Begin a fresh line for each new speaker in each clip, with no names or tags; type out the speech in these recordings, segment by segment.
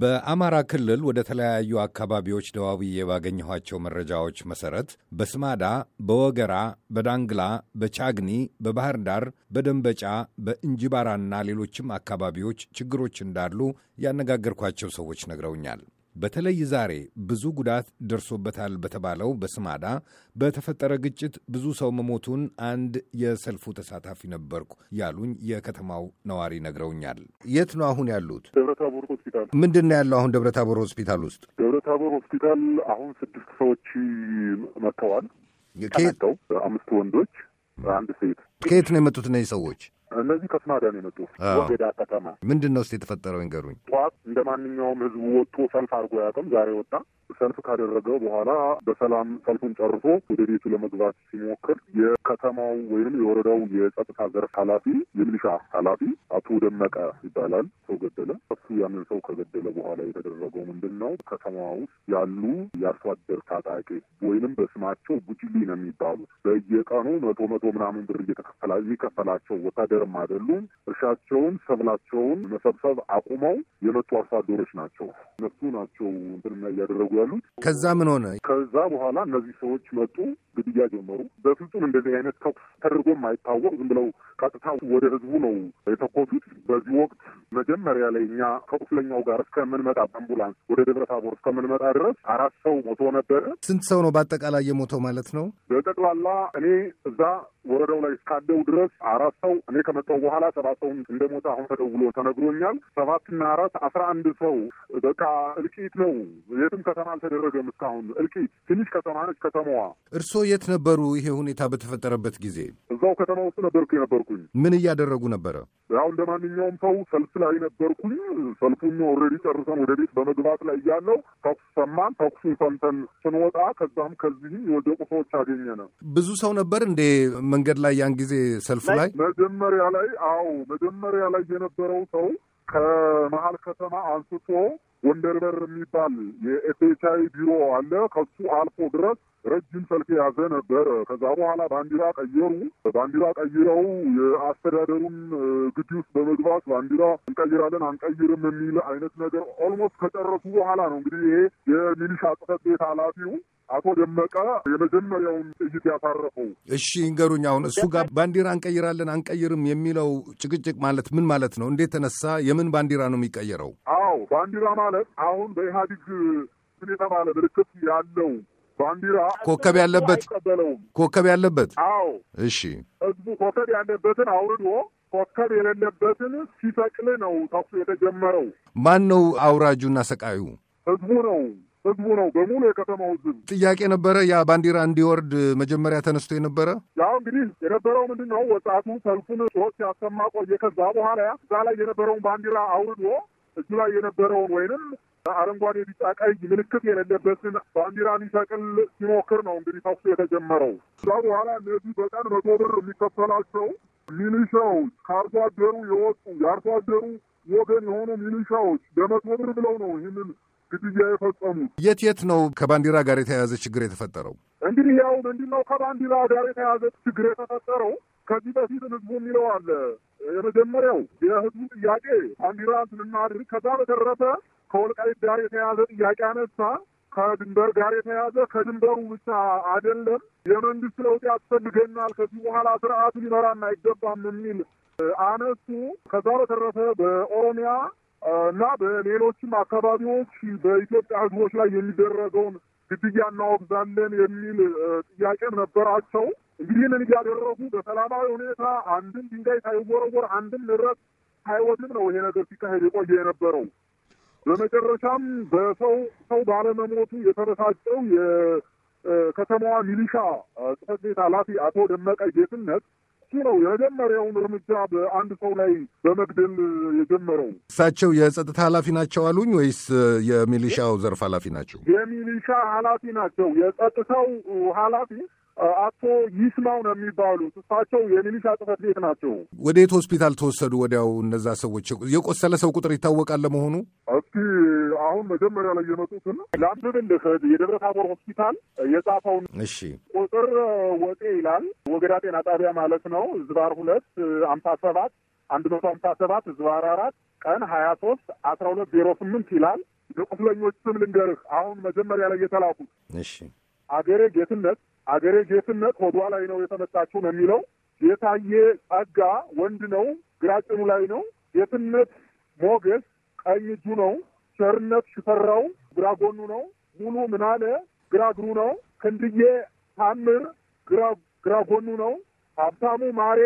በአማራ ክልል ወደ ተለያዩ አካባቢዎች ደዋውዬ ባገኘኋቸው መረጃዎች መሠረት በስማዳ፣ በወገራ፣ በዳንግላ፣ በቻግኒ፣ በባህር ዳር፣ በደንበጫ፣ በእንጅባራና ሌሎችም አካባቢዎች ችግሮች እንዳሉ ያነጋገርኳቸው ሰዎች ነግረውኛል። በተለይ ዛሬ ብዙ ጉዳት ደርሶበታል በተባለው በስማዳ በተፈጠረ ግጭት ብዙ ሰው መሞቱን አንድ የሰልፉ ተሳታፊ ነበርኩ ያሉኝ የከተማው ነዋሪ ነግረውኛል። የት ነው አሁን ያሉት? ደብረታቦር ሆስፒታል። ምንድን ነው ያለው አሁን ደብረታቦር ሆስፒታል ውስጥ?
ደብረታቦር ሆስፒታል አሁን ስድስት ሰዎች
መጥተዋል። ከመጥተው አምስት ወንዶች፣ አንድ ሴት ከየት ነው የመጡት እነዚህ ሰዎች?
እነዚህ ከስማዳ ነው የመጡ ወገዳ ከተማ።
ምንድን ነው ስ የተፈጠረው ይንገሩኝ።
ጠዋት እንደ ማንኛውም ህዝቡ ወጥቶ ሰልፍ አድርጎ ያቅም ዛሬ ወጣ። ሰልፍ ካደረገው በኋላ በሰላም ሰልፉን ጨርሶ ወደ ቤቱ ለመግባት ሲሞክር የከተማው ወይም የወረዳው የጸጥታ ዘርፍ ኃላፊ የሚሊሻ ኃላፊ አቶ ደመቀ ይባላል ሰው ገደለ። እሱ ያንን ሰው ከገደለ በኋላ የተደረገው ምንድን ነው? ከተማ ውስጥ ያሉ የአርሶ አደር ታጣቂ ወይንም በስማቸው ጉጅሊ ነው የሚባሉት በየቀኑ መቶ መቶ ምናምን ብር እየተከ ይከፈላል። እዚህ ከፈላቸው ወታደርም አይደሉም። እርሻቸውን ሰብላቸውን መሰብሰብ አቁመው የመጡ አርሶ አደሮች ናቸው። እነሱ ናቸው እንትን እያደረጉ ያሉት።
ከዛ ምን ሆነ?
ከዛ በኋላ እነዚህ ሰዎች መጡ፣ ግድያ ጀመሩ። በፍጹም እንደዚህ አይነት ተኩስ ተደርጎም አይታወቅ። ዝም ብለው ቀጥታ ወደ ህዝቡ ነው የተኮሱት። በዚህ ወቅት መጀመሪያ ላይ እኛ ከቁስለኛው ጋር እስከምንመጣ በአምቡላንስ ወደ ደብረ ታቦር እስከምንመጣ ድረስ አራት ሰው ሞቶ ነበረ።
ስንት ሰው ነው በአጠቃላይ የሞተው ማለት ነው?
በጠቅላላ እኔ እዛ ወረዳው ላይ እስካደው ድረስ አራት ሰው እኔ ከመጣው በኋላ ሰባት ሰው እንደሞተ አሁን ተደውሎ ተነግሮኛል። ሰባትና አራት አስራ አንድ ሰው በቃ እልቂት ነው። የትም ከተማ አልተደረገም እስካሁን እልቂት። ትንሽ ከተማ ነች ከተማዋ።
እርስዎ የት ነበሩ ይሄ ሁኔታ በተፈጠረበት ጊዜ? እዛው ከተማ ውስጥ ነበርኩ የነበርኩኝ። ምን እያደረጉ ነበረ?
ያው እንደ ማንኛውም ሰው ሰልፍ ላይ ነበርኩኝ። ሰልፉን ኦልሬዲ ጨርሰን ወደ ቤት በመግባት ላይ እያለው ተኩስ ሰማን። ተኩሱን
ሰምተን ስንወጣ ከዛም ከዚህም የወደቁ ሰዎች አገኘን። ብዙ ሰው ነበር እንዴ መንገድ ላይ ያን ጊዜ ሰልፉ ላይ
መጀመሪያ ላይ? አዎ መጀመሪያ ላይ የነበረው ሰው ከመሀል ከተማ አንስቶ ወንደርበር የሚባል አይ ቢሮ አለ ከሱ አልፎ ድረስ ረጅም ሰልፍ የያዘ ነበር። ከዛ በኋላ ባንዲራ ቀየሩ። ባንዲራ ቀይረው የአስተዳደሩን ግቢ ውስጥ በመግባት ባንዲራ እንቀይራለን አንቀይርም የሚል አይነት ነገር ኦልሞስት ከጨረሱ በኋላ ነው እንግዲህ ይሄ የሚሊሻ ጽሕፈት ቤት ኃላፊው አቶ ደመቀ የመጀመሪያውን ጥይት
ያሳረፈው። እሺ ይንገሩኝ፣ አሁን እሱ ጋር ባንዲራ እንቀይራለን አንቀይርም የሚለው ጭቅጭቅ ማለት ምን ማለት ነው? እንዴት ተነሳ? የምን ባንዲራ ነው የሚቀየረው?
አዎ ባንዲራ ማለት አሁን በኢህአዲግ ስን የተባለ ምልክት ያለው ባንዲራ ኮከብ ያለበት
ኮከብ ያለበት አዎ፣ እሺ፣
ህዝቡ ኮከብ ያለበትን አውርዶ ኮከብ የሌለበትን ሲሰቅል ነው ተኩሱ የተጀመረው።
ማን ነው አውራጁና ሰቃዩ?
ህዝቡ ነው ህዝቡ ነው በሙሉ የከተማው ህዝብ።
ጥያቄ ነበረ ያ ባንዲራ እንዲወርድ መጀመሪያ ተነስቶ የነበረ
ያው እንግዲህ የነበረው ምንድን ነው ወጣቱ ሰልፉን ጮህ ሲያሰማ ቆየ። ከዛ በኋላ እዛ ላይ የነበረውን ባንዲራ አውርዶ እጁ ላይ የነበረውን ወይንም አረንጓዴ፣ ቢጫ፣ ቀይ ምልክት የሌለበትን ባንዲራ ሊሰቅል ሲሞክር ነው እንግዲህ ተኩሱ የተጀመረው። እዛ በኋላ እነዚህ በቀን መቶ ብር የሚከፈላቸው ሚሊሻዎች ከአርሶ አደሩ የወጡ የአርሶ አደሩ ወገን የሆኑ ሚሊሻዎች በመቶ ብር ብለው ነው ይህንን ግድያ የፈጸሙት።
የት የት ነው ከባንዲራ ጋር የተያያዘ ችግር የተፈጠረው?
እንግዲህ ያው ምንድን ነው ከባንዲራ ጋር የተያያዘ ችግር የተፈጠረው ከዚህ በፊት ህዝቡ የሚለው አለ የመጀመሪያው የህዝቡ ጥያቄ አሚራን ስንናድርግ ከዛ በተረፈ ከወልቃይት ጋር የተያዘ ጥያቄ አነሳ። ከድንበር ጋር የተያዘ ከድንበሩ ብቻ አይደለም፣ የመንግስት ለውጥ ያስፈልገናል፣ ከዚህ በኋላ ስርዓቱ ሊመራን አይገባም የሚል አነሱ። ከዛ በተረፈ በኦሮሚያ እና በሌሎችም አካባቢዎች በኢትዮጵያ ህዝቦች ላይ የሚደረገውን ግድያ እናወግዛለን የሚል ጥያቄም ነበራቸው። እንግዲህ ይህንን እያደረጉ በሰላማዊ ሁኔታ አንድም ድንጋይ ሳይወረወር አንድም ንብረት ሳይወድም ነው ይሄ ነገር ሲካሄድ የቆየ የነበረው። በመጨረሻም በሰው ሰው ባለመሞቱ የተበሳጨው የከተማዋ ሚሊሻ ጽሕፈት ቤት ኃላፊ አቶ ደመቀ ጌትነት እሱ ነው የመጀመሪያውን እርምጃ በአንድ ሰው ላይ በመግደል የጀመረው።
እሳቸው የጸጥታ ኃላፊ ናቸው አሉኝ ወይስ የሚሊሻው ዘርፍ ኃላፊ ናቸው?
የሚሊሻ ኃላፊ ናቸው። የጸጥታው ኃላፊ አቶ ይስማው ነው የሚባሉት። እሳቸው የሚሊሻ ጽሕፈት ቤት ናቸው።
ወደ የት ሆስፒታል ተወሰዱ? ወዲያው እነዛ ሰዎች የቆሰለ ሰው ቁጥር ይታወቃል ለመሆኑ?
እስኪ አሁን መጀመሪያ ላይ የመጡትን ላንብብልህ። የደብረ ታቦር ሆስፒታል የጻፈውን እሺ። ቁጥር ወጤ ይላል። ወገዳ ጤና ጣቢያ ማለት ነው። ዝባር ሁለት አምሳ ሰባት አንድ መቶ አምሳ ሰባት ዝባር አራት ቀን ሀያ ሶስት አስራ ሁለት ዜሮ ስምንት ይላል። የቁስለኞች ስም ልንገርህ አሁን መጀመሪያ ላይ የተላኩት እሺ፣ አገሬ ጌትነት አገሬ ጌትነት ሆዷ ላይ ነው የተመታችው ነው የሚለው። የታየ ጸጋ ወንድ ነው፣ ግራጭኑ ላይ ነው። ጌትነት ሞገስ ቀኝ እጁ ነው። ቸርነት ሽፈራው ግራ ጎኑ ነው። ሙሉ ምናለ ግራ እግሩ ነው። ክንድዬ ታምር ግራ ጎኑ ነው። ሀብታሙ ማሬ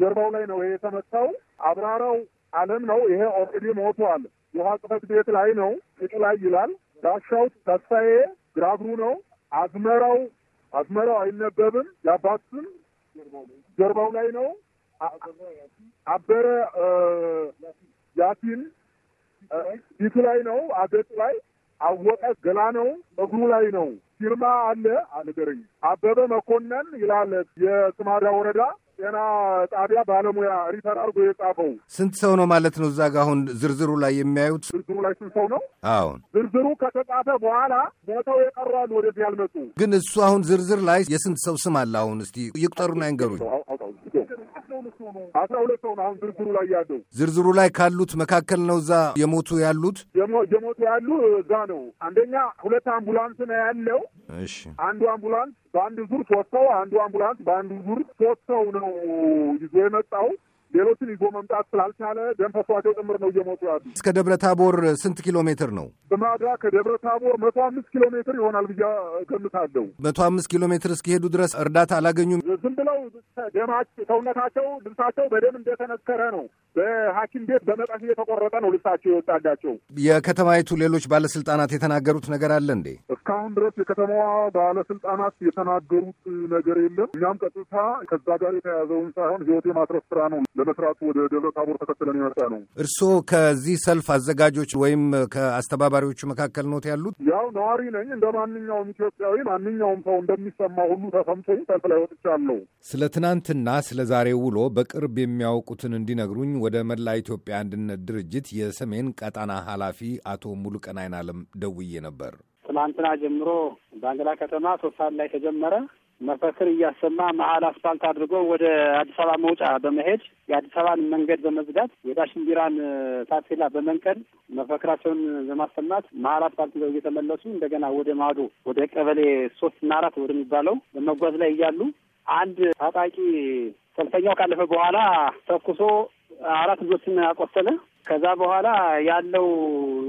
ጀርባው ላይ ነው ይሄ የተመታው። አብራራው አለም ነው ይሄ ኦልሬዲ ሞቷል። የውሃ ጽፈት ቤት ላይ ነው ጭጩ ላይ ይላል። ዳሻው ተስፋዬ ግራ እግሩ ነው። አዝመራው አስመራው አይነበብም። የአባት ስም ጀርባው ላይ ነው። አበረ ያሲን ፊቱ ላይ ነው። አገጡ ላይ አወቀ ገላ ነው። እግሩ ላይ ነው። ፊርማ አለ አልገረኝ አበበ መኮንን ይላል የስማዳ ወረዳ ጤና ጣቢያ ባለሙያ ሪፈር አድርጎ የጻፈው
ስንት ሰው ነው ማለት ነው? እዛ ጋ አሁን ዝርዝሩ ላይ የሚያዩት
ዝርዝሩ ላይ ስንት ሰው ነው? አሁን ዝርዝሩ ከተጻፈ በኋላ ሞተው የቀሯሉ ወደዚህ ያልመጡ
ግን እሱ አሁን ዝርዝር ላይ የስንት ሰው ስም አለ? አሁን እስቲ ይቁጠሩና ይንገሩኝ።
አስራ ሁለት ሰው ነው አሁን ዝርዝሩ ላይ ያለው።
ዝርዝሩ ላይ ካሉት መካከል ነው እዛ የሞቱ ያሉት
የሞቱ ያሉ እዛ ነው። አንደኛ ሁለት አምቡላንስ ነው ያለው። እሺ አንዱ አምቡላንስ በአንድ ዙር ሶስት ሰው፣ አንዱ አምቡላንስ በአንዱ ዙር ሶስት ሰው ነው ይዞ የመጣው። ሌሎችን ይዞ መምጣት ስላልቻለ ደም ፈሷቸው ጭምር ነው እየሞቱ ያሉ።
እስከ ደብረ ታቦር ስንት ኪሎ ሜትር ነው?
በማድራ ከደብረ ታቦር መቶ አምስት ኪሎ ሜትር ይሆናል ብዬ እገምታለሁ።
መቶ አምስት ኪሎ ሜትር እስኪሄዱ ድረስ እርዳታ አላገኙም።
ዝም ብለው ደማቸው፣ ሰውነታቸው፣ ልብሳቸው በደም እንደተነከረ ነው በሐኪም ቤት በመቀስ እየተቆረጠ ነው ልብሳቸው የወጣላቸው።
የከተማይቱ ሌሎች ባለስልጣናት የተናገሩት ነገር አለ እንዴ?
እስካሁን ድረስ የከተማዋ ባለስልጣናት የተናገሩት ነገር የለም። እኛም ቀጥታ ከዛ ጋር የተያዘውን ሳይሆን ህይወት የማትረፍ ስራ ነው ለመስራቱ ወደ ደብረ ታቦር ተከትለን የመጣ ነው።
እርስዎ ከዚህ ሰልፍ አዘጋጆች ወይም ከአስተባባሪዎቹ መካከል ኖት ያሉት?
ያው ነዋሪ ነኝ። እንደ ማንኛውም ኢትዮጵያዊ ማንኛውም ሰው እንደሚሰማ ሁሉ ተሰምቶኝ ሰልፍ ላይ ወጥቻለሁ።
ስለ ትናንትና ስለ ዛሬ ውሎ በቅርብ የሚያውቁትን እንዲነግሩኝ ወደ መላ ኢትዮጵያ አንድነት ድርጅት የሰሜን ቀጣና ኃላፊ አቶ ሙሉቀን አይናለም ደውዬ ነበር።
ትናንትና ጀምሮ በአንገላ ከተማ ሶስት ሰዓት ላይ ተጀመረ። መፈክር እያሰማ መሀል አስፋልት አድርጎ ወደ አዲስ አበባ መውጫ በመሄድ የአዲስ አበባን መንገድ በመዝጋት የዳሽን ቢራን በመንቀል መፈክራቸውን በማሰማት መሀል አስፋልት ይዘው እየተመለሱ እንደገና ወደ ማዶ ወደ ቀበሌ ሶስት እና አራት ወደሚባለው በመጓዝ ላይ እያሉ አንድ ታጣቂ ሰልፈኛው ካለፈ በኋላ ተኩሶ አራት ልጆችን ያቆሰለ ከዛ በኋላ ያለው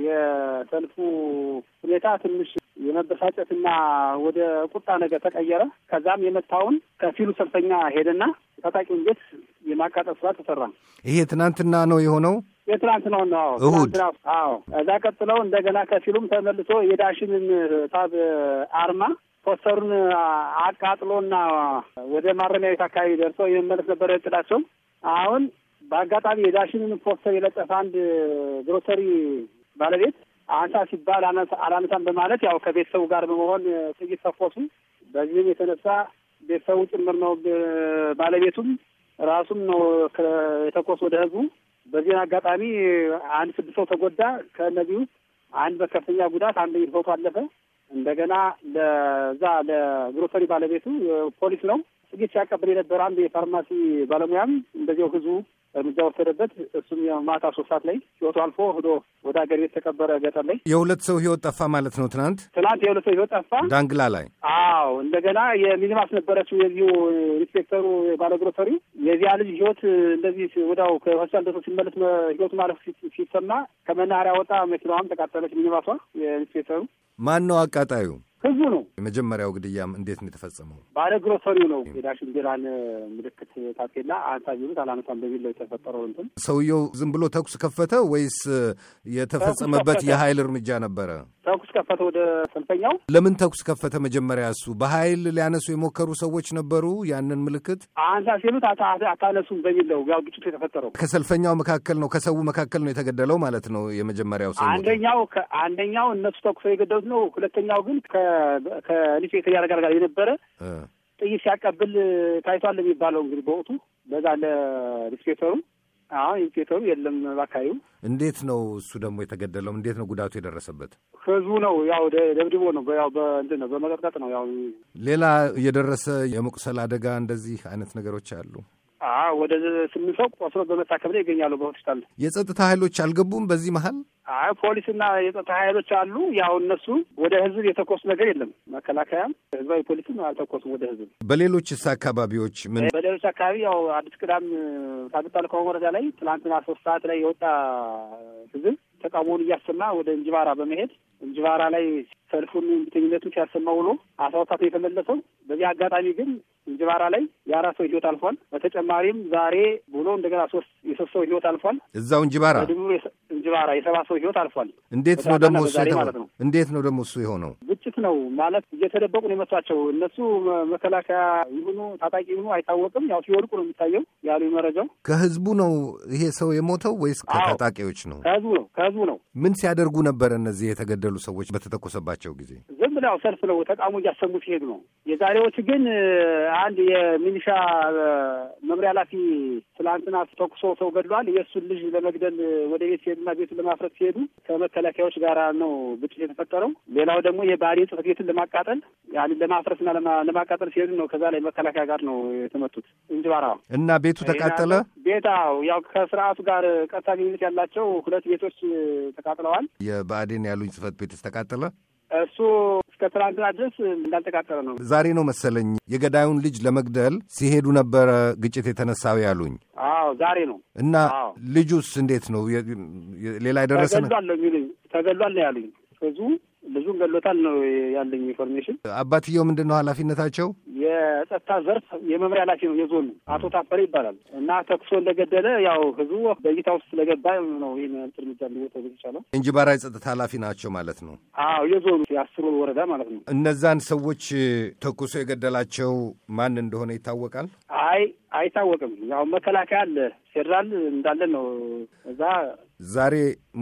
የሰልፉ ሁኔታ ትንሽ የመበሳጨትና ወደ ቁጣ ነገር ተቀየረ። ከዛም የመታውን ከፊሉ ሰልፈኛ ሄደና ታጣቂውን ቤት የማቃጠል ስራ ተሰራ።
ይሄ ትናንትና ነው የሆነው።
የትናንት ነው ነው እሁድ። አዎ። እዛ ቀጥለው እንደገና ከፊሉም ተመልሶ የዳሽንን ታብ አርማ ፖስተሩን አቃጥሎና ወደ ማረሚያ ቤት አካባቢ ደርሶ የመመለስ ነበረ እቅዳቸው አሁን በአጋጣሚ የዳሽንን ፖስተር የለጠፈ አንድ ግሮሰሪ ባለቤት አንሳ ሲባል አላነሳም በማለት ያው ከቤተሰቡ ጋር በመሆን ጥይት ተኮሱ። በዚህም የተነሳ ቤተሰቡ ጭምር ነው ባለቤቱም ራሱም ነው የተኮሱ ወደ ህዝቡ። በዚህን አጋጣሚ አንድ ስድስት ሰው ተጎዳ። ከእነዚህ ውስጥ አንድ በከፍተኛ ጉዳት፣ አንድ ህይወቱ አለፈ። እንደገና ለዛ ለግሮሰሪ ባለቤቱ ፖሊስ ነው ጥቂት ሲያቀብል የነበረ አንድ የፋርማሲ ባለሙያም እንደዚያው ህዝቡ እርምጃ ወሰደበት። እሱም ማታ ሶስት ሰዓት ላይ ህይወቱ አልፎ ህዶ ወደ ሀገር ቤት ተቀበረ። ገጠር ላይ
የሁለት ሰው ህይወት ጠፋ ማለት ነው። ትናንት
ትናንት የሁለት ሰው ህይወት ጠፋ ዳንግላ ላይ። አዎ እንደገና የሚኒባስ ነበረችው የዚሁ ኢንስፔክተሩ ባለግሮሰሪ የዚያ ልጅ ህይወት እንደዚህ ወዲያው ከሆስፒታል ደርሶ ሲመለስ ህይወቱ ማለፍ ሲሰማ ከመናኸሪያ ወጣ። መኪናዋም ተቃጠለች፣ ሚኒባሷ የኢንስፔክተሩ።
ማን ነው አቃጣዩ? ህዝቡ ነው። የመጀመሪያው ግድያም እንዴት ነው የተፈጸመው?
ባለ ግሮሰሪው ነው የዳሽን ቢራን ምልክት ታፔላ አንሳ ቢሉት አላነሳም በሚል ነው የተፈጠረው እንትን
ሰውየው ዝም ብሎ ተኩስ ከፈተ ወይስ የተፈጸመበት የሀይል እርምጃ ነበረ?
ተኩስ ከፈተ ወደ ሰልፈኛው።
ለምን ተኩስ ከፈተ? መጀመሪያ እሱ በሀይል ሊያነሱ የሞከሩ ሰዎች ነበሩ። ያንን ምልክት
አንሳ ሲሉት አታነሱም በሚል ነው ያው ግጭቱ የተፈጠረው።
ከሰልፈኛው መካከል ነው ከሰው መካከል ነው የተገደለው ማለት ነው። የመጀመሪያው ሰው አንደኛው
አንደኛው እነሱ ተኩሰው የገደሉት ነው። ሁለተኛው ግን ከሊሴ ክሊያር ጋር ጋር የነበረ ጥይት ሲያቀብል ታይቷል የሚባለው እንግዲህ በወቅቱ በዛ ለኢንስፔክተሩ አሁን ኢንስፔክተሩ የለም በአካባቢው።
እንዴት ነው እሱ ደግሞ የተገደለው? እንዴት ነው ጉዳቱ የደረሰበት?
ህዝቡ ነው ያው ደብድቦ ነው ያው በእንትን ነው በመቀጥቀጥ ነው ያው።
ሌላ የደረሰ የመቁሰል አደጋ እንደዚህ አይነት ነገሮች አሉ?
ወደ ስምንት ሰው ቆስሎ በመታከም ላይ ይገኛሉ በሆስፒታል።
የጸጥታ ኃይሎች አልገቡም በዚህ መሀል?
አይ ፖሊስና የጸጥታ ኃይሎች አሉ። ያው እነሱ ወደ ህዝብ የተኮሱ ነገር የለም። መከላከያም ህዝባዊ ፖሊስም አልተኮሱም ወደ ህዝብ።
በሌሎች በሌሎችስ አካባቢዎች ምን? በሌሎች
አካባቢ ያው አዲስ ቅዳም ታግጣል ከሆነ ወረዳ ላይ ትናንትና ሶስት ሰዓት ላይ የወጣ ህዝብ ተቃውሞውን እያሰማ ወደ እንጅባራ በመሄድ እንጅባራ ላይ ሰልፉን ብትኝነቱ ሲያሰማ ውሎ አስራ ሁለት የተመለሰው። በዚህ አጋጣሚ ግን እንጅባራ ላይ የአራት ሰው ህይወት አልፏል። በተጨማሪም ዛሬ ብሎ እንደገና ሶስት የሶስት ሰው ህይወት አልፏል። እዛው እንጅባራ እንጅባራ የሰባት ሰው ህይወት አልፏል። እንዴት ነው ደግሞ እሱ ማለት ነው?
እንዴት ነው ደግሞ እሱ የሆነው?
ግጭት ነው ማለት እየተደበቁ ነው የመቷቸው። እነሱ መከላከያ ይሁኑ ታጣቂ ይሁኑ አይታወቅም። ያው ሲወድቁ ነው የሚታየው ያሉ መረጃው።
ከህዝቡ ነው ይሄ ሰው የሞተው ወይስ ከታጣቂዎች ነው? ከህዝቡ ነው፣ ከህዝቡ ነው። ምን ሲያደርጉ ነበር እነዚህ የተገደሉ ሰዎች በተተኮሰባቸው ጊዜ?
ዝም ያው ሰልፍ ነው፣ ተቃውሞ እያሰሙ ሲሄዱ ነው። የዛሬዎቹ ግን አንድ የሚኒሻ መምሪያ ኃላፊ ትላንትና ተኩሶ ሰው ገድሏል። የእሱን ልጅ ለመግደል ወደ ቤት ሲሄዱና ቤቱን ለማፍረስ ሲሄዱ ከመከላከያዎች ጋር ነው ግጭት የተፈጠረው። ሌላው ደግሞ የባህሪ ጽፈት ቤትን ለማቃጠል ያንን ለማፍረስና ለማቃጠል ሲሄዱ ነው። ከዛ ላይ መከላከያ ጋር ነው የተመቱት። እንጅባራ
እና ቤቱ ተቃጠለ።
ቤታው ያው ከስርዓቱ ጋር ቀጥታ ግንኙነት ያላቸው ሁለት ቤቶች ተቃጥለዋል።
የባህዴን ያሉኝ ጽሕፈት ቤት ተቃጠለ።
እሱ እስከ ትናንትና ድረስ እንዳልተቃጠለ ነው። ዛሬ ነው
መሰለኝ የገዳዩን ልጅ ለመግደል ሲሄዱ ነበረ ግጭት የተነሳው ያሉኝ።
አዎ ዛሬ ነው።
እና ልጁስ እንዴት ነው? ሌላ የደረሰ
ተገሏል ተገሏል ነው ያሉኝ። ብዙ ብዙን ገሎታል ነው ያለኝ ኢንፎርሜሽን።
አባትየው ምንድን ነው ኃላፊነታቸው?
የጸጥታ ዘርፍ የመምሪያ ኃላፊ ነው የዞኑ አቶ ታፈረ ይባላል እና ተኩሶ እንደገደለ ያው ህዝቡ በእይታ ውስጥ ስለገባ ነው ይህን እርምጃ እንዲወሰድ የተቻለው።
እንጅባራ የጸጥታ ኃላፊ ናቸው ማለት ነው?
አዎ የዞኑ የአስሩ ወረዳ ማለት ነው።
እነዛን ሰዎች ተኩሶ የገደላቸው ማን እንደሆነ ይታወቃል?
አይ አይታወቅም። ያው መከላከያ አለ፣ ፌዴራል እንዳለ ነው። እዛ
ዛሬ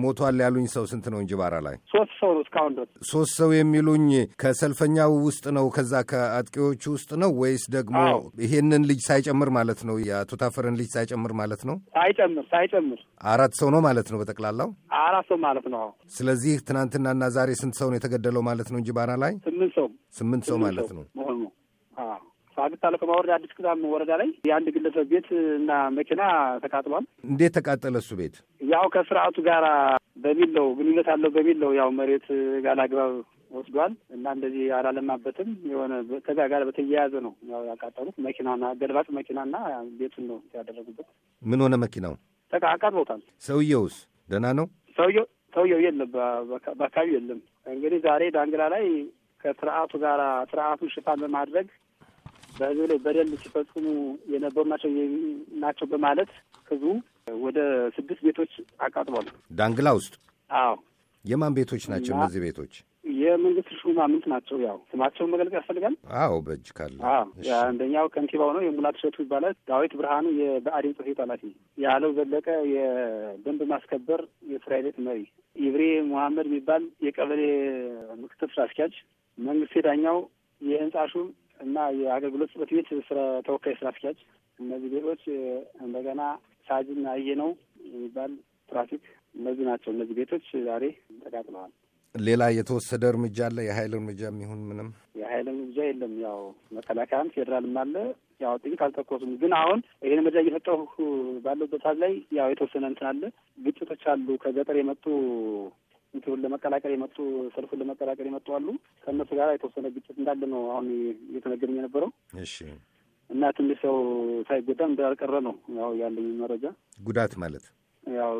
ሞቷል ያሉኝ ሰው ስንት ነው? እንጅባራ ላይ
ሶስት ሰው ነው እስካሁን ድረስ።
ሶስት ሰው የሚሉኝ ከሰልፈኛው ውስጥ ነው፣ ከዛ ከአጥቂዎቹ ውስጥ ነው ወይስ ደግሞ ይሄንን ልጅ ሳይጨምር ማለት ነው? የአቶ ታፈረን ልጅ ሳይጨምር ማለት ነው?
ሳይጨምር ሳይጨምር
አራት ሰው ነው ማለት ነው በጠቅላላው
አራት ሰው ማለት ነው።
ስለዚህ ትናንትናና ዛሬ ስንት ሰው ነው የተገደለው ማለት ነው? እንጅባራ ላይ ስምንት ሰው ስምንት ሰው ማለት ነው።
አዲስ አለቀማ አዲስ ቅዛም ወረዳ ላይ የአንድ ግለሰብ ቤት እና መኪና ተቃጥሏል።
እንዴት ተቃጠለ እሱ ቤት?
ያው ከስርዓቱ ጋር በሚለው ግንኙነት አለው በሚለው ያው መሬት ጋር አግባብ ወስዷል እና እንደዚህ አላለማበትም የሆነ ከዛ ጋር በተያያዘ ነው ያው ያቃጠሉት። መኪናና ገልባጭ መኪናና ቤቱን ነው ያደረጉበት።
ምን ሆነ መኪናው? አቃጥሎታል። ሰውየውስ ደህና ነው?
ሰውየው ሰውየው የለም፣ በአካባቢው የለም። እንግዲህ ዛሬ ዳንግላ ላይ ከስርዓቱ ጋር ስርዓቱን ሽፋን በማድረግ በህዝብ ላይ በደል ሲፈጽሙ የነበሩ ናቸው ናቸው በማለት ህዝቡ ወደ ስድስት ቤቶች አቃጥሏል። ዳንግላ ውስጥ አዎ።
የማን ቤቶች ናቸው እነዚህ ቤቶች?
የመንግስት ሹማምንት ናቸው። ያው ስማቸውን መገልገል ያስፈልጋል።
አዎ በእጅ ካለ
አንደኛው ከንቲባው ነው የሙላት እሸቱ ይባላል። ዳዊት ብርሃኑ የብአዴን ጽሕፈት ቤት ኃላፊ፣ ያለው ዘለቀ የደንብ ማስከበር የስራ ቤት መሪ፣ ኢብሬ መሐመድ የሚባል የቀበሌ ምክትል ስራ አስኪያጅ፣ መንግስት ዳኛው የህንጻ ሹም እና የአገልግሎት ጽሕፈት ቤት ስራ ተወካይ ስራ አስኪያጅ እነዚህ ቤቶች እንደገና ሳጅን አየ ነው የሚባል ትራፊክ እነዚህ ናቸው። እነዚህ ቤቶች ዛሬ ተቃጥለዋል።
ሌላ የተወሰደ እርምጃ አለ? የሀይል እርምጃ የሚሆን ምንም
የሀይል እርምጃ የለም። ያው መከላከያም ፌዴራልም አለ። ያው ጥይት አልተኮሱም። ግን አሁን ይህን መረጃ እየሰጠሁ ባለበት ሰዓት ላይ ያው የተወሰነ እንትን አለ። ግጭቶች አሉ። ከገጠር የመጡ እንትኑን ለመቀላቀል የመጡ ሰልፉን ለመቀላቀል የመጡ አሉ። ከእነሱ ጋር የተወሰነ ግጭት እንዳለ ነው አሁን እየተነገረኝ የነበረው። እሺ። እና ትንሽ ሰው ሳይጎዳ እንዳልቀረ ነው ያው ያለኝ መረጃ። ጉዳት ማለት ያው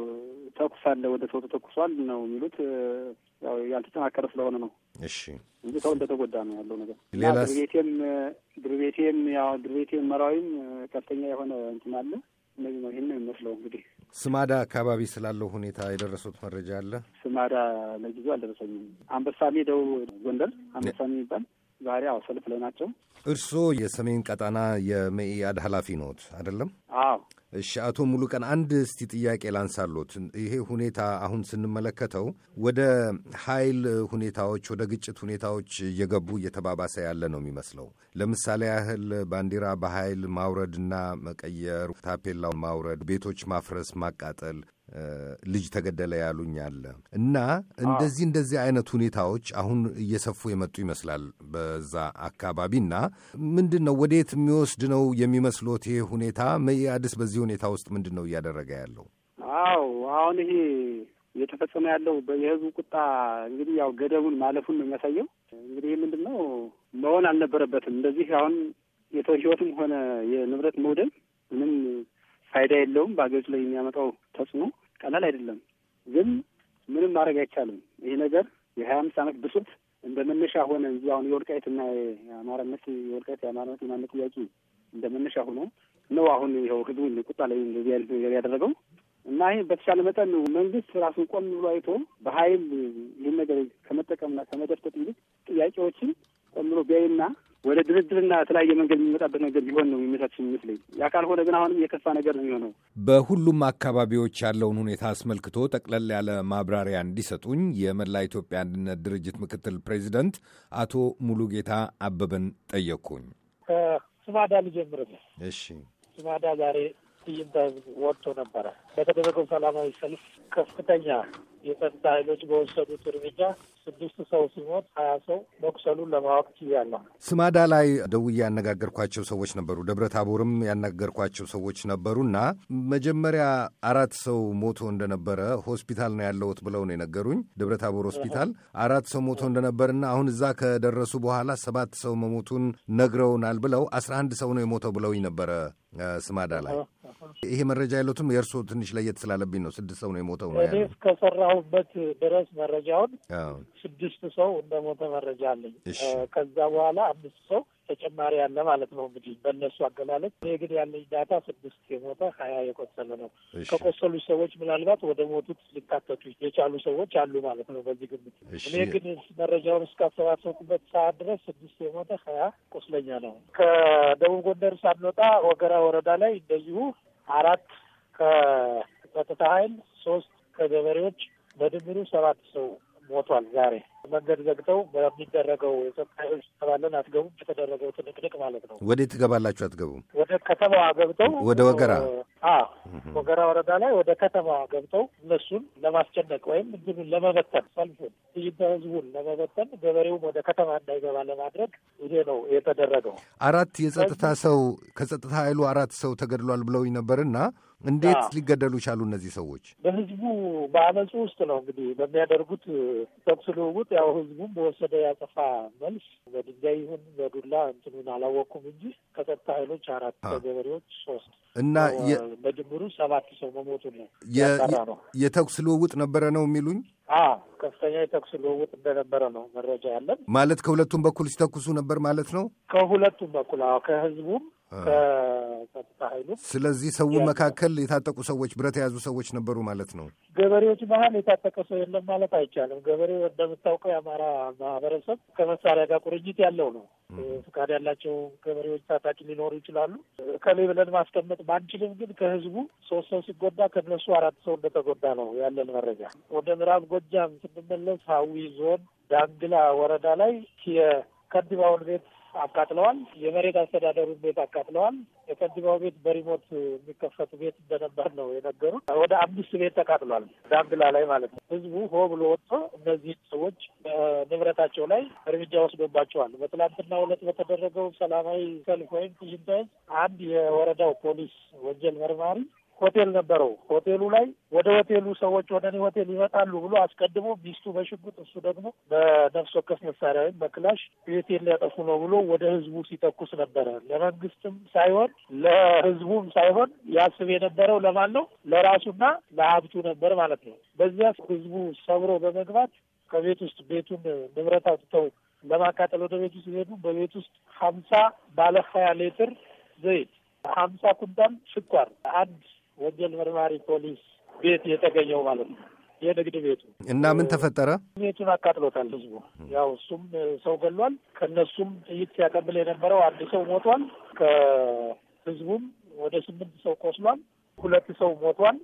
ተኩስ አለ፣ ወደ ሰው ተተኩሷል ነው የሚሉት። ያው ያልተጠናከረ ስለሆነ ነው። እሺ። እንጂ ሰው እንደተጎዳ ነው ያለው ነገር። ሌላ ድርቤቴም ድርቤቴም ያው ድርቤቴም መራዊም ከፍተኛ የሆነ እንትን አለ። እነዚህ ነው ይህን ነው የሚመስለው እንግዲህ
ስማዳ አካባቢ ስላለው ሁኔታ የደረሱት መረጃ አለ?
ስማዳ ለጊዜው አልደረሰኝም። አንበሳሜ ደቡብ ጎንደር አንበሳሜ የሚባል ዛሬ አዎ ሰልፍ ላይ ናቸው።
እርስዎ የሰሜን ቀጠና የመኢአድ ኃላፊ ኖት አይደለም? አዎ። እሺ አቶ ቀን አንድ እስቲ ጥያቄ ላንሳሎት። ይሄ ሁኔታ አሁን ስንመለከተው ወደ ኃይል ሁኔታዎች፣ ወደ ግጭት ሁኔታዎች እየገቡ እየተባባሰ ያለ ነው የሚመስለው። ለምሳሌ ያህል ባንዲራ በኃይል ማውረድና መቀየር፣ ታፔላውን ማውረድ፣ ቤቶች ማፍረስ፣ ማቃጠል፣ ልጅ ተገደለ ያሉኝ አለ እና እንደዚህ እንደዚህ አይነት ሁኔታዎች አሁን እየሰፉ የመጡ ይመስላል በዛ አካባቢ እና ምንድን ነው ወዴት የሚወስድ ነው የሚመስሎት ይሄ ሁኔታ? መኢአድስ በዚህ ሁኔታ ውስጥ ምንድን ነው እያደረገ ያለው?
አዎ አሁን ይሄ እየተፈጸመ ያለው የህዝቡ ቁጣ እንግዲህ ያው ገደቡን ማለፉን ነው የሚያሳየው። እንግዲህ ምንድን ነው መሆን አልነበረበትም። እንደዚህ አሁን የሰው ህይወትም ሆነ የንብረት መውደም ምንም ፋይዳ የለውም። በሀገሪቱ ላይ የሚያመጣው ተጽዕኖ ቀላል አይደለም። ግን ምንም ማድረግ አይቻልም። ይሄ ነገር የሀያ አምስት ዓመት ብሶት እንደ መነሻ ሆነ እንጂ አሁን የወልቃይትና የአማራነት የወልቃይት የአማራነት የማንነት ጥያቄ እንደ መነሻ ሆኖ ነው አሁን ይኸው ህዝቡ ቁጣ ላይ እንደዚህ አይነት ነገር ያደረገው እና ይህ በተቻለ መጠን መንግስት ራሱን ቆም ብሎ አይቶ በሀይል ይህን ነገር ከመጠቀምና ከመደፍጠጥ ይልቅ ጥያቄዎችን ቆም ብሎ ቢያይና ወደ ድርድርና የተለያየ መንገድ የሚመጣበት ነገር ቢሆን ነው የሚመሳች ይመስለኝ። ያ ካልሆነ ግን አሁንም የከፋ ነገር ነው የሚሆነው።
በሁሉም አካባቢዎች ያለውን ሁኔታ አስመልክቶ ጠቅለል ያለ ማብራሪያ እንዲሰጡኝ የመላ ኢትዮጵያ አንድነት ድርጅት ምክትል ፕሬዚደንት አቶ ሙሉጌታ አበበን ጠየቅኩኝ።
ከስማዳ ልጀምርም። እሺ፣ ስማዳ ዛሬ ትዕይንተ ህዝብ ወጥቶ ነበረ። በተደረገው ሰላማዊ ሰልፍ ከፍተኛ የጸጥታ ኃይሎች በወሰዱት እርምጃ ስድስት ሰው ሲሞት ሀያ ሰው መቁሰሉን ለማወቅ ችያለሁ።
ስማዳ ላይ ደውዬ ያነጋገርኳቸው ሰዎች ነበሩ፣ ደብረ ታቦርም ያነጋገርኳቸው ሰዎች ነበሩና መጀመሪያ አራት ሰው ሞቶ እንደነበረ ሆስፒታል ነው ያለሁት ብለው ነው የነገሩኝ። ደብረ ታቦር ሆስፒታል አራት ሰው ሞቶ እንደነበርና አሁን እዛ ከደረሱ በኋላ ሰባት ሰው መሞቱን ነግረውናል ብለው አስራ አንድ ሰው ነው የሞተው ብለውኝ ነበረ ስማዳ ላይ ይሄ መረጃ ያለትም የእርስዎ ትንሽ ለየት ስላለብኝ ነው። ስድስት ሰው ነው የሞተው ነው ያለ
ከሰራሁ እስካሁበት ድረስ መረጃውን ስድስት ሰው እንደሞተ መረጃ አለኝ። ከዛ በኋላ አምስት ሰው ተጨማሪ ያለ ማለት ነው እንግዲህ በእነሱ አገላለጽ። እኔ ግን ያለኝ ዳታ ስድስት የሞተ ሀያ የቆሰለ ነው። ከቆሰሉ ሰዎች ምናልባት ወደ ሞቱት ሊካተቱ የቻሉ ሰዎች አሉ ማለት ነው በዚህ ግምት። እኔ ግን መረጃውን እስካሰባሰብኩበት ሰዓት ድረስ ስድስት የሞተ ሀያ ቁስለኛ
ነው። ከደቡብ
ጎንደር ሳንወጣ ወገራ ወረዳ ላይ እንደዚሁ አራት ከጸጥታ ኃይል ሶስት ከገበሬዎች በድምሩ ሰባት ሰው ሞቷል ዛሬ መንገድ ዘግተው በሚደረገው የጸጥታ ተባለን አትገቡም የተደረገው ትንቅንቅ ማለት ነው።
ወዴት ትገባላችሁ? አትገቡም።
ወደ ከተማዋ ገብተው ወደ ወገራ ወገራ ወረዳ ላይ ወደ ከተማዋ ገብተው እነሱን ለማስጨነቅ ወይም እንትኑን ለመበተን ሰልፉን ትይንተ ህዝቡን ለመበተን ገበሬውም ወደ ከተማ እንዳይገባ ለማድረግ ይሄ ነው የተደረገው።
አራት የጸጥታ ሰው ከጸጥታ ኃይሉ አራት ሰው ተገድሏል ብለውኝ ነበርና እንዴት ሊገደሉ ቻሉ እነዚህ ሰዎች?
በህዝቡ በአመፁ ውስጥ ነው እንግዲህ በሚያደርጉት ተኩስ ልውውጥ ያው ህዝቡም በወሰደ ያጸፋ መልስ በድንጋይ ይሁን በዱላ እንትኑን አላወቅኩም እንጂ ከጸጥታ ኃይሎች አራት ከገበሬዎች ሶስት እና በድምሩ ሰባት ሰው መሞቱ ነው ያጠራ ነው።
የተኩስ ልውውጥ ነበረ ነው የሚሉኝ?
ከፍተኛ የተኩስ ልውውጥ እንደነበረ ነው መረጃ ያለን።
ማለት ከሁለቱም በኩል ሲተኩሱ ነበር ማለት ነው?
ከሁለቱም በኩል አዎ፣ ከህዝቡም ከጸጥታ ኃይሉ። ስለዚህ ሰው
መካከል የታጠቁ ሰዎች ብረት የያዙ ሰዎች ነበሩ ማለት ነው።
ገበሬዎች መሀል የታጠቀ ሰው የለም ማለት አይቻልም። ገበሬው እንደምታውቀው የአማራ ማህበረሰብ ከመሳሪያ ጋር ቁርኝት ያለው ነው። ፍቃድ ያላቸው ገበሬዎች ታጣቂ ሊኖሩ ይችላሉ። ከሌ ብለን ማስቀመጥ ባንችልም፣ ግን ከህዝቡ ሶስት ሰው ሲጎዳ ከነሱ አራት ሰው እንደተጎዳ ነው ያለን መረጃ። ወደ ምዕራብ ጎጃም ስንመለስ ሀዊ ዞን ዳንግላ ወረዳ ላይ የከድባውን ቤት አቃጥለዋል። የመሬት አስተዳደሩ ቤት አቃጥለዋል። የከንቲባው ቤት በሪሞት የሚከፈቱ ቤት እንደነበር ነው የነገሩት። ወደ አምስት ቤት ተቃጥሏል። ዳንግላ ላይ ማለት ነው። ህዝቡ ሆ ብሎ ወጥቶ እነዚህ ሰዎች በንብረታቸው ላይ እርምጃ ወስዶባቸዋል። በትላንትና ሁለት በተደረገው ሰላማዊ ሰልፍ ወይም ትዕይንተ አንድ የወረዳው ፖሊስ ወንጀል መርማሪ ሆቴል ነበረው። ሆቴሉ ላይ ወደ ሆቴሉ ሰዎች ወደ እኔ ሆቴል ይመጣሉ ብሎ አስቀድሞ ሚስቱ በሽጉጥ እሱ ደግሞ በነፍስ ወከፍ መሳሪያ ወይም በክላሽ ቤቴን ሊያጠፉ ነው ብሎ ወደ ህዝቡ ሲተኩስ ነበረ። ለመንግስትም ሳይሆን ለህዝቡም ሳይሆን ያስብ የነበረው ለማን ነው? ለራሱና ለሀብቱ ነበር ማለት ነው። በዚያ ህዝቡ ሰብሮ በመግባት ከቤት ውስጥ ቤቱን ንብረት አውጥተው ለማቃጠል ወደ ቤቱ ሲሄዱ በቤት ውስጥ ሀምሳ ባለ ሀያ ሌትር ዘይት ሀምሳ ኩንታል ስኳር አንድ ወንጀል መርማሪ ፖሊስ ቤት የተገኘው ማለት ነው። የንግድ ቤቱ
እና ምን ተፈጠረ?
ቤቱን አቃጥሎታል ህዝቡ። ያው እሱም ሰው ገሏል። ከእነሱም ጥይት ሲያቀብል የነበረው አንድ ሰው ሞቷል። ከህዝቡም ወደ ስምንት ሰው ቆስሏል። ሁለት ሰው ሞቷል።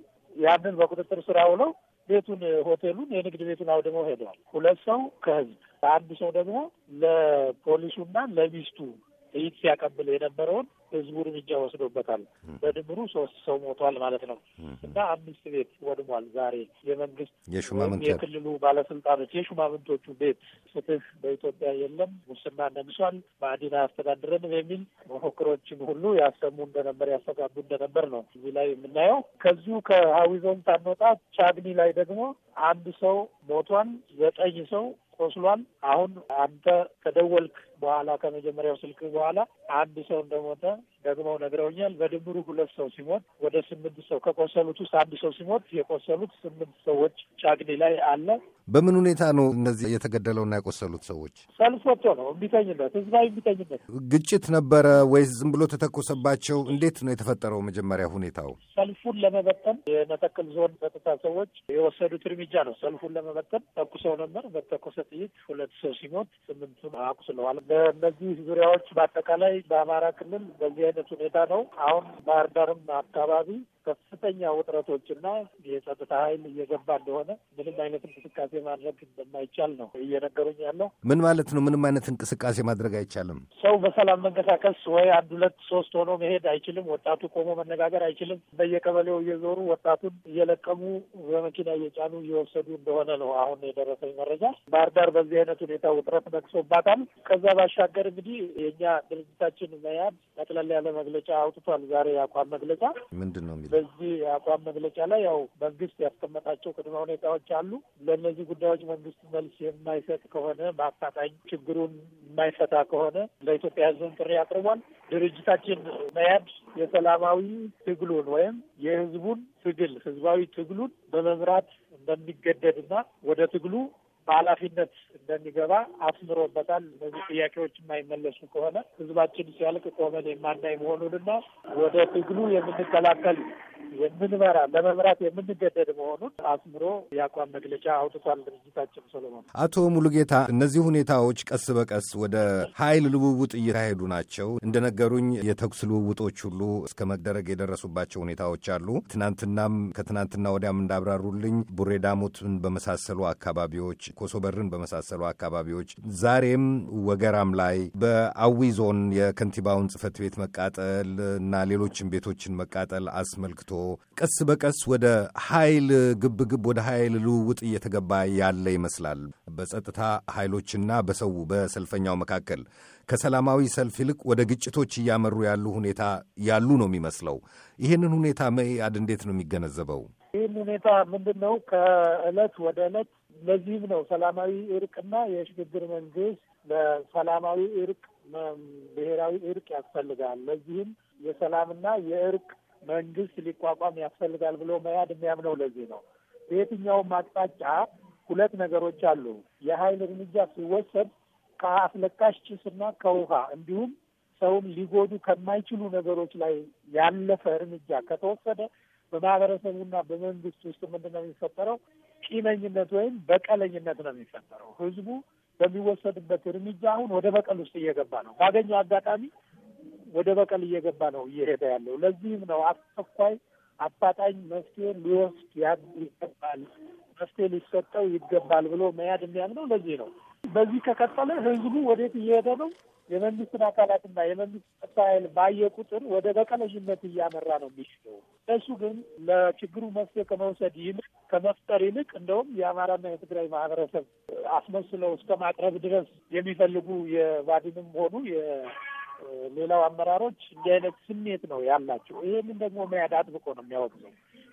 ያንን በቁጥጥር ስራ ውለው ቤቱን፣ ሆቴሉን፣ የንግድ ቤቱን አውድመው ሄደዋል። ሁለት ሰው ከህዝብ አንድ ሰው ደግሞ ለፖሊሱና ለሚስቱ ጥይት ሲያቀብል የነበረውን ህዝቡ እርምጃ ወስዶበታል። በድምሩ ሶስት ሰው ሞቷል ማለት ነው እና አምስት ቤት ወድሟል። ዛሬ የመንግስት የክልሉ ባለስልጣኖች የሹማምንቶቹ ቤት ፍትህ በኢትዮጵያ የለም፣ ሙስና ነግሷል፣ ማዕድን አያስተዳድረንም የሚል መፎክሮችን ሁሉ ያሰሙ እንደነበር ያስተጋቡ እንደነበር ነው እዚህ ላይ የምናየው። ከዚሁ ከሀዊ ዞን ሳንወጣ ቻግኒ ላይ ደግሞ አንድ ሰው ሞቷል፣ ዘጠኝ ሰው ቆስሏል። አሁን አንተ ከደወልክ በኋላ ከመጀመሪያው ስልክ በኋላ አንድ ሰው እንደሞተ ደግመው ነግረውኛል። በድምሩ ሁለት ሰው ሲሞት ወደ ስምንት ሰው ከቆሰሉት ውስጥ አንድ ሰው ሲሞት የቆሰሉት ስምንት ሰዎች ቻግኒ ላይ አለ።
በምን ሁኔታ ነው እነዚህ የተገደለውና የቆሰሉት ሰዎች?
ሰልፍ ወጥቶ ነው እምቢተኝነት፣ ህዝባዊ እምቢተኝነት።
ግጭት ነበረ ወይስ ዝም ብሎ ተተኮሰባቸው? እንዴት ነው የተፈጠረው? መጀመሪያ ሁኔታው
ሰልፉን ለመበጠን የመተከል ዞን ጸጥታ ሰዎች የወሰዱት እርምጃ ነው። ሰልፉን ለመበጠን ተኩሰው ነበር። በተኮሰ ጥይት ሁለት ሰው ሲሞት ስምንቱን አቁስለዋል። በእነዚህ ዙሪያዎች በአጠቃላይ በአማራ ክልል በዚህ አይነት ሁኔታ ነው። አሁን ባህር ዳርም አካባቢ ከፍተኛ ውጥረቶችና የጸጥታ ኃይል እየገባ እንደሆነ ምንም አይነት እንቅስቃሴ ማድረግ እንደማይቻል ነው እየነገሩኝ ያለው።
ምን ማለት ነው? ምንም አይነት እንቅስቃሴ ማድረግ አይቻልም።
ሰው በሰላም መንቀሳቀስ ወይ አንድ ሁለት ሶስት ሆኖ መሄድ አይችልም። ወጣቱ ቆሞ መነጋገር አይችልም። በየቀበሌው እየዞሩ ወጣቱን እየለቀሙ በመኪና እየጫኑ እየወሰዱ እንደሆነ ነው አሁን የደረሰኝ መረጃ። ባህር ዳር በዚህ አይነት ሁኔታ ውጥረት ነግሶባታል። ከዛ ባሻገር እንግዲህ የእኛ ድርጅታችን መያድ ጠቅላላ ያለ መግለጫ አውጥቷል። ዛሬ የአቋም መግለጫ ምንድን ነው? በዚህ የአቋም መግለጫ ላይ ያው መንግስት ያስቀመጣቸው ቅድመ ሁኔታዎች አሉ። ለእነዚህ ጉዳዮች መንግስት መልስ የማይሰጥ ከሆነ በአፋጣኝ ችግሩን የማይፈታ ከሆነ ለኢትዮጵያ ሕዝብን ጥሪ አቅርቧል። ድርጅታችን መያድ የሰላማዊ ትግሉን ወይም የህዝቡን ትግል ህዝባዊ ትግሉን በመምራት እንደሚገደድና ወደ ትግሉ በኃላፊነት እንደሚገባ አስምሮበታል። እነዚህ ጥያቄዎች የማይመለሱ ከሆነ ህዝባችን ሲያልቅ ቆመን የማናይ መሆኑንና ወደ ትግሉ የምንቀላቀል የምንመራ ለመምራት የምንገደድ መሆኑን አስምሮ የአቋም መግለጫ አውጥቷል ድርጅታችን። ሰለሞን፣
አቶ ሙሉጌታ እነዚህ ሁኔታዎች ቀስ በቀስ ወደ ኃይል ልውውጥ እየተካሄዱ ናቸው። እንደነገሩኝ የተኩስ ልውውጦች ሁሉ እስከ መደረግ የደረሱባቸው ሁኔታዎች አሉ። ትናንትናም ከትናንትና ወዲያም እንዳብራሩልኝ ቡሬዳሞትን በመሳሰሉ አካባቢዎች፣ ኮሶበርን በመሳሰሉ አካባቢዎች ዛሬም ወገራም ላይ በአዊ ዞን የከንቲባውን ጽህፈት ቤት መቃጠል እና ሌሎችን ቤቶችን መቃጠል አስመልክቶ ቀስ በቀስ ወደ ኃይል ግብግብ ወደ ኃይል ልውውጥ እየተገባ ያለ ይመስላል። በጸጥታ ኃይሎችና በሰው በሰልፈኛው መካከል ከሰላማዊ ሰልፍ ይልቅ ወደ ግጭቶች እያመሩ ያሉ ሁኔታ ያሉ ነው የሚመስለው። ይህንን ሁኔታ መኢአድ እንዴት ነው የሚገነዘበው?
ይህን ሁኔታ ምንድን ነው ከእለት ወደ እለት ለዚህም ነው ሰላማዊ እርቅና የሽግግር መንግስት ለሰላማዊ እርቅ ብሔራዊ እርቅ ያስፈልጋል። ለዚህም የሰላምና የእርቅ መንግስት ሊቋቋም ያስፈልጋል ብሎ መያድ የሚያምነው ለዚህ ነው። በየትኛውም አቅጣጫ ሁለት ነገሮች አሉ። የኃይል እርምጃ ሲወሰድ ከአስለቃሽ ጭስና ከውሃ እንዲሁም ሰውን ሊጎዱ ከማይችሉ ነገሮች ላይ ያለፈ እርምጃ ከተወሰደ በማህበረሰቡና በመንግስት ውስጥ ምንድን ነው የሚፈጠረው? ቂመኝነት ወይም በቀለኝነት ነው የሚፈጠረው። ህዝቡ በሚወሰድበት እርምጃ አሁን ወደ በቀል ውስጥ እየገባ ነው። ባገኘው አጋጣሚ ወደ በቀል እየገባ ነው እየሄደ ያለው። ለዚህም ነው አስቸኳይ አፋጣኝ መፍትሄ ሊወስድ ይገባል፣ መፍትሄ ሊሰጠው ይገባል ብሎ መያድ የሚያምነው ለዚህ ነው። በዚህ ከቀጠለ ህዝቡ ወዴት እየሄደ ነው? የመንግስትን አካላትና የመንግስት ጸጥታ ኃይል ባየ ቁጥር ወደ በቀለኝነት እያመራ ነው የሚችለው። እሱ ግን ለችግሩ መፍትሄ ከመውሰድ ይልቅ ከመፍጠር ይልቅ እንደውም የአማራና የትግራይ ማህበረሰብ አስመስለው እስከ ማቅረብ ድረስ የሚፈልጉ የባድንም ሆኑ ሌላው አመራሮች እንዲህ አይነት ስሜት ነው ያላቸው። ይህንን ደግሞ መያድ አጥብቆ ነው የሚያወግዘው።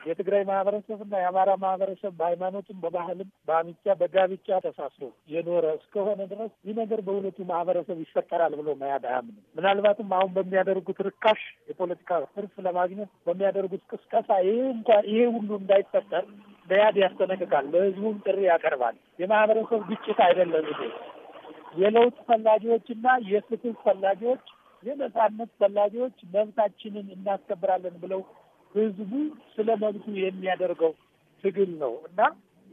የትግራይ ማህበረሰብ እና የአማራ ማህበረሰብ በሃይማኖትም፣ በባህልም፣ በአሚቻ በጋብቻ ተሳስሮ የኖረ እስከሆነ ድረስ ይህ ነገር በሁለቱ ማህበረሰብ ይፈጠራል ብሎ መያድ አያምን። ምናልባትም አሁን በሚያደርጉት ርካሽ የፖለቲካ ትርፍ ለማግኘት በሚያደርጉት ቅስቀሳ ይህ እንኳ ይሄ ሁሉ እንዳይፈጠር መያድ ያስጠነቅቃል። ለህዝቡም ጥሪ ያቀርባል። የማህበረሰብ ግጭት አይደለም ይሄ የለውጥ ፈላጊዎችና የፍትህ ፈላጊዎች የነጻነት ፈላጊዎች መብታችንን እናስከብራለን ብለው ህዝቡ ስለ መብቱ የሚያደርገው ትግል ነው እና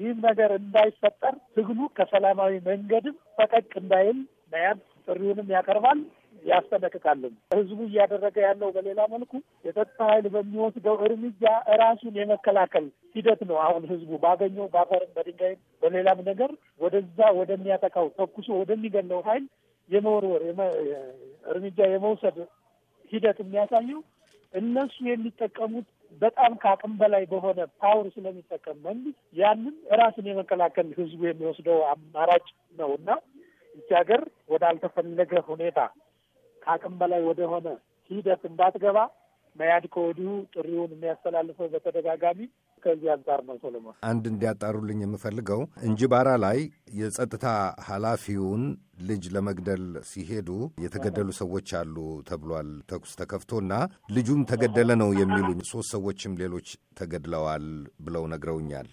ይህም ነገር እንዳይፈጠር ትግሉ ከሰላማዊ መንገድም ፈቀቅ እንዳይል መያዝ ጥሪውንም ያቀርባል ያስጠነቅቃልም። ህዝቡ እያደረገ ያለው በሌላ መልኩ የጸጥታ ኃይል በሚወስደው እርምጃ ራሱን የመከላከል ሂደት ነው። አሁን ህዝቡ ባገኘው በአፈርም፣ በድንጋይም በሌላም ነገር ወደዛ ወደሚያጠቃው ተኩሶ ወደሚገለው ኃይል የመወርወር እርምጃ የመውሰድ ሂደት የሚያሳየው እነሱ የሚጠቀሙት በጣም ከአቅም በላይ በሆነ ፓወር ስለሚጠቀም መንግስት ያንን ራስን የመከላከል ህዝቡ የሚወስደው አማራጭ ነው እና እቺ ሀገር ወዳልተፈለገ ሁኔታ ከአቅም በላይ ወደሆነ ሂደት እንዳትገባ መያድ ከወዲሁ ጥሪውን የሚያስተላልፈው በተደጋጋሚ ከዚህ አንጻር ነው ሶሎሞን።
አንድ እንዲያጣሩልኝ የምፈልገው እንጅባራ ላይ የጸጥታ ኃላፊውን ልጅ ለመግደል ሲሄዱ የተገደሉ ሰዎች አሉ ተብሏል። ተኩስ ተከፍቶና ልጁም ተገደለ ነው የሚሉኝ። ሶስት ሰዎችም ሌሎች ተገድለዋል ብለው ነግረውኛል።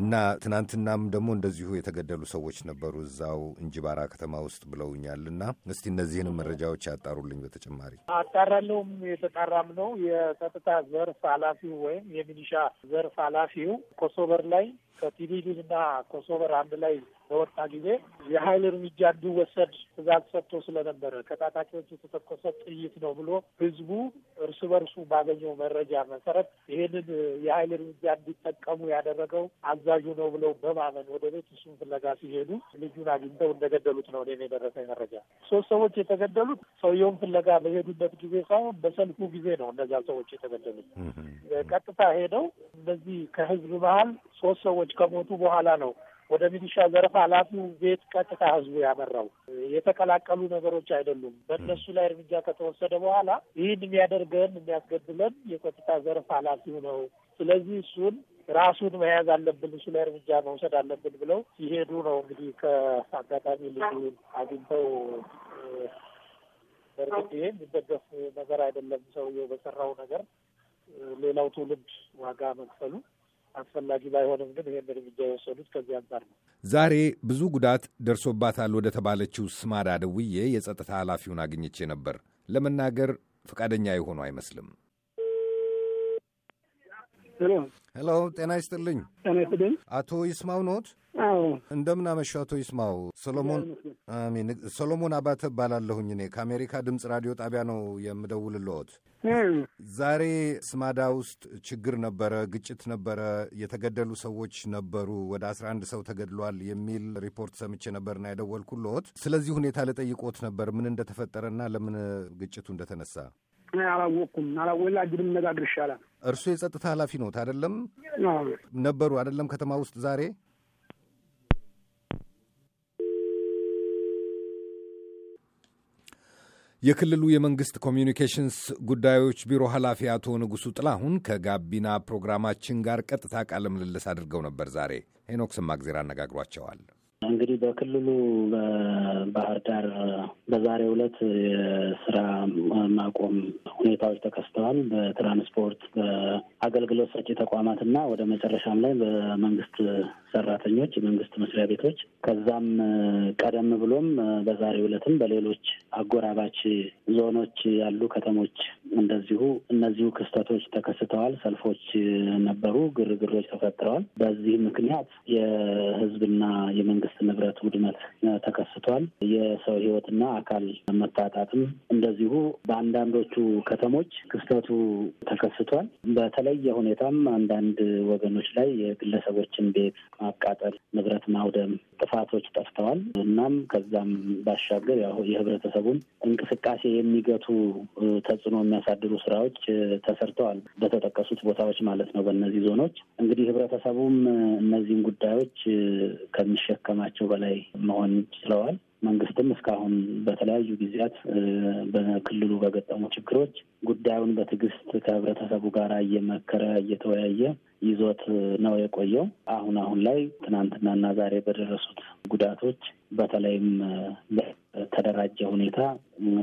እና ትናንትናም ደግሞ እንደዚሁ የተገደሉ ሰዎች ነበሩ እዛው እንጅባራ ከተማ ውስጥ ብለውኛል። እና እስቲ እነዚህንም መረጃዎች ያጣሩልኝ። በተጨማሪ
አጣራለሁም የተጣራም ነው የጸጥታ ዘርፍ ኃላፊው ወይም የሚኒሻ ዘርፍ ኃላፊው ኮሶበር ላይ ከቲሪሊን እና ኮሶቨር አንድ ላይ በወጣ ጊዜ የሀይል እርምጃ እንዲወሰድ ትእዛዝ ሰጥቶ ስለነበረ ከታጣቂዎች የተተኮሰ ጥይት ነው ብሎ ህዝቡ እርስ በርሱ ባገኘው መረጃ መሰረት ይህንን የኃይል እርምጃ እንዲጠቀሙ ያደረገው አዛዡ ነው ብለው በማመን ወደ ቤት እሱን ፍለጋ ሲሄዱ ልጁን አግኝተው እንደገደሉት ነው እኔም የደረሰኝ መረጃ። ሶስት ሰዎች የተገደሉት ሰውየውን ፍለጋ በሄዱበት ጊዜ ሳይሆን በሰልፉ ጊዜ ነው። እነዛ ሰዎች የተገደሉት ቀጥታ ሄደው እነዚህ ከህዝብ መሀል ሶስት ሰዎች ከሞቱ በኋላ ነው ወደ ሚሊሻ ዘረፋ ኃላፊው ቤት ቀጥታ ህዝቡ ያመራው የተቀላቀሉ ነገሮች አይደሉም። በእነሱ ላይ እርምጃ ከተወሰደ በኋላ ይህን የሚያደርገን የሚያስገድለን የቀጥታ ዘረፋ ኃላፊው ነው። ስለዚህ እሱን ራሱን መያዝ አለብን፣ እሱ ላይ እርምጃ መውሰድ አለብን ብለው ሲሄዱ ነው እንግዲህ ከአጋጣሚ ልጁን አግኝተው በእርግጥ ይሄ የሚደገፍ ነገር አይደለም። ሰውየው በሰራው ነገር ሌላው ትውልድ ዋጋ መክፈሉ አስፈላጊ ባይሆንም ግን ይህን እርምጃ የወሰዱት ከዚህ አንጻር ነው።
ዛሬ ብዙ ጉዳት ደርሶባታል ወደ ተባለችው ስማዳ ደውዬ የጸጥታ ኃላፊውን አግኝቼ ነበር። ለመናገር ፈቃደኛ የሆኑ አይመስልም። ሄሎ፣ ጤና ይስጥልኝ። ጤና ይስጥልኝ። አቶ ይስማው ኖት? አዎ። እንደምን አመሹ አቶ ይስማው። ሰሎሞን አሚን። ሰሎሞን አባተ እባላለሁኝ። እኔ ከአሜሪካ ድምፅ ራዲዮ ጣቢያ ነው የምደውልልዎት። ዛሬ ስማዳ ውስጥ ችግር ነበረ፣ ግጭት ነበረ፣ የተገደሉ ሰዎች ነበሩ፣ ወደ አስራ አንድ ሰው ተገድሏል የሚል ሪፖርት ሰምቼ ነበርና የደወልኩልዎት ስለዚህ ሁኔታ ልጠይቅዎት ነበር ምን እንደተፈጠረና ለምን ግጭቱ እንደተነሳ።
አላወቅኩም። አላወላ ግድም ነጋግር ይሻላል።
እርሱ የጸጥታ ኃላፊ ነዎት አይደለም? ነበሩ አይደለም ከተማ ውስጥ ዛሬ የክልሉ የመንግስት ኮሚዩኒኬሽንስ ጉዳዮች ቢሮ ኃላፊ አቶ ንጉሱ ጥላሁን ከጋቢና ፕሮግራማችን ጋር ቀጥታ ቃለ ምልልስ አድርገው ነበር። ዛሬ ሄኖክ ስማግዜር አነጋግሯቸዋል።
እንግዲህ በክልሉ በባህር ዳር በዛሬ ዕለት የስራ ማቆም ሁኔታዎች ተከስተዋል። በትራንስፖርት በአገልግሎት ሰጪ ተቋማት እና ወደ መጨረሻም ላይ በመንግስት ሰራተኞች የመንግስት መስሪያ ቤቶች ከዛም ቀደም ብሎም በዛሬ ዕለትም በሌሎች አጎራባች ዞኖች ያሉ ከተሞች እንደዚሁ እነዚሁ ክስተቶች ተከስተዋል። ሰልፎች ነበሩ፣ ግርግሮች ተፈጥረዋል። በዚህ ምክንያት የህዝብና የመንግስት ንብረት ውድመት ተከስቷል። የሰው ህይወትና አካል መታጣትም እንደዚሁ በአንዳንዶቹ ከተሞች ክስተቱ ተከስቷል። በተለየ ሁኔታም አንዳንድ ወገኖች ላይ የግለሰቦችን ቤት ማቃጠል፣ ንብረት ማውደም ጥፋቶች ጠፍተዋል። እናም ከዛም ባሻገር ያው የህብረተሰቡን እንቅስቃሴ የሚገቱ ተጽዕኖ የሚያሳድሩ ስራዎች ተሰርተዋል፣ በተጠቀሱት ቦታዎች ማለት ነው። በእነዚህ ዞኖች እንግዲህ ህብረተሰቡም እነዚህን ጉዳዮች ከሚሸከመ ከአቅማቸው በላይ መሆን ችለዋል። መንግስትም እስካሁን በተለያዩ ጊዜያት በክልሉ በገጠሙ ችግሮች ጉዳዩን በትዕግስት ከህብረተሰቡ ጋር እየመከረ እየተወያየ ይዞት ነው የቆየው። አሁን አሁን ላይ ትናንትናና ዛሬ በደረሱት ጉዳቶች በተለይም በተደራጀ ሁኔታ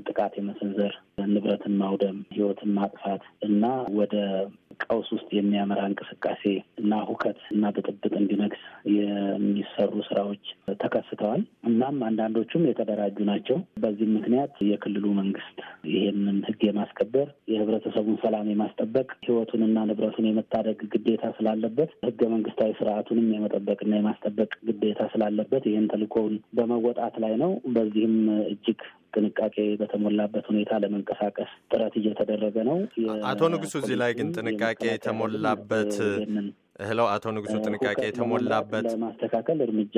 ጥቃት የመሰንዘር፣ ንብረትን ማውደም፣ ህይወትን ማጥፋት እና ወደ ቀውስ ውስጥ የሚያመራ እንቅስቃሴ እና ሁከት እና ብጥብጥ እንዲነግስ የሚሰሩ ስራዎች ተከስተዋል። እናም አንዳንዶች ኃይሎቹም የተደራጁ ናቸው። በዚህም ምክንያት የክልሉ መንግስት ይሄንን ህግ የማስከበር የህብረተሰቡን ሰላም የማስጠበቅ ህይወቱንና ንብረቱን የመታደግ ግዴታ ስላለበት ህገ መንግስታዊ ስርዓቱንም የመጠበቅና የማስጠበቅ ግዴታ ስላለበት ይህን ተልእኮውን በመወጣት ላይ ነው። በዚህም እጅግ ጥንቃቄ በተሞላበት ሁኔታ ለመንቀሳቀስ ጥረት እየተደረገ ነው። አቶ ንጉሱ፣ እዚህ
ላይ ግን ጥንቃቄ የተሞላበት እህለው አቶ ንጉሱ ጥንቃቄ የተሞላበት
ለማስተካከል እርምጃ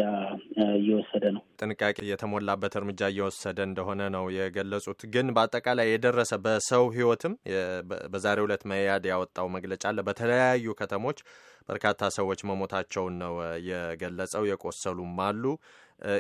እየወሰደ
ነው። ጥንቃቄ የተሞላበት እርምጃ እየወሰደ እንደሆነ ነው የገለጹት። ግን በአጠቃላይ የደረሰ በሰው ህይወትም በዛሬው ዕለት መያድ ያወጣው መግለጫ አለ በተለያዩ ከተሞች በርካታ ሰዎች መሞታቸውን ነው የገለጸው። የቆሰሉም አሉ።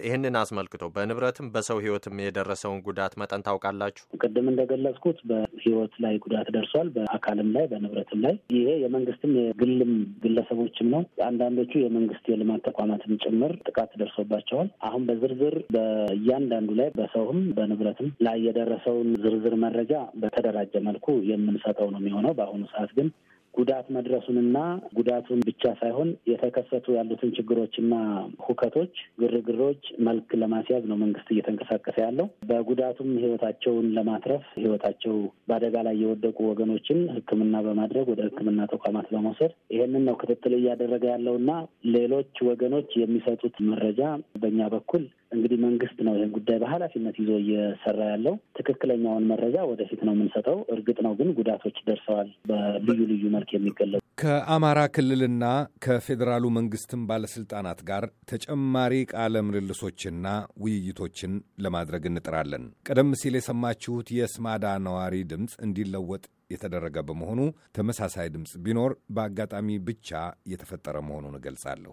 ይህንን አስመልክቶ በንብረትም በሰው ህይወትም የደረሰውን ጉዳት መጠን ታውቃላችሁ?
ቅድም እንደገለጽኩት በህይወት ላይ ጉዳት ደርሷል፣ በአካልም ላይ በንብረትም ላይ። ይሄ የመንግስትም የግልም ግለሰቦችም ነው። አንዳንዶቹ የመንግስት የልማት ተቋማትም ጭምር ጥቃት ደርሶባቸዋል። አሁን በዝርዝር በእያንዳንዱ ላይ በሰውም በንብረትም ላይ የደረሰውን ዝርዝር መረጃ በተደራጀ መልኩ የምንሰጠው ነው የሚሆነው። በአሁኑ ሰዓት ግን ጉዳት መድረሱንና ጉዳቱን ብቻ ሳይሆን የተከሰቱ ያሉትን ችግሮችና ሁከቶች፣ ግርግሮች መልክ ለማስያዝ ነው መንግስት እየተንቀሳቀሰ ያለው። በጉዳቱም ህይወታቸውን ለማትረፍ ህይወታቸው በአደጋ ላይ የወደቁ ወገኖችን ሕክምና በማድረግ ወደ ሕክምና ተቋማት በመውሰድ ይሄንን ነው ክትትል እያደረገ ያለውና ሌሎች ወገኖች የሚሰጡት መረጃ በእኛ በኩል እንግዲህ መንግስት ነው ይህን ጉዳይ በኃላፊነት ይዞ እየሰራ ያለው። ትክክለኛውን መረጃ ወደፊት ነው የምንሰጠው። እርግጥ ነው ግን ጉዳቶች ደርሰዋል፣ በልዩ ልዩ መልክ የሚገለጹ።
ከአማራ ክልልና ከፌዴራሉ መንግስትም ባለስልጣናት ጋር ተጨማሪ ቃለ ምልልሶችና ውይይቶችን ለማድረግ እንጥራለን። ቀደም ሲል የሰማችሁት የስማዳ ነዋሪ ድምፅ እንዲለወጥ የተደረገ በመሆኑ ተመሳሳይ ድምፅ ቢኖር በአጋጣሚ ብቻ የተፈጠረ መሆኑን እገልጻለሁ።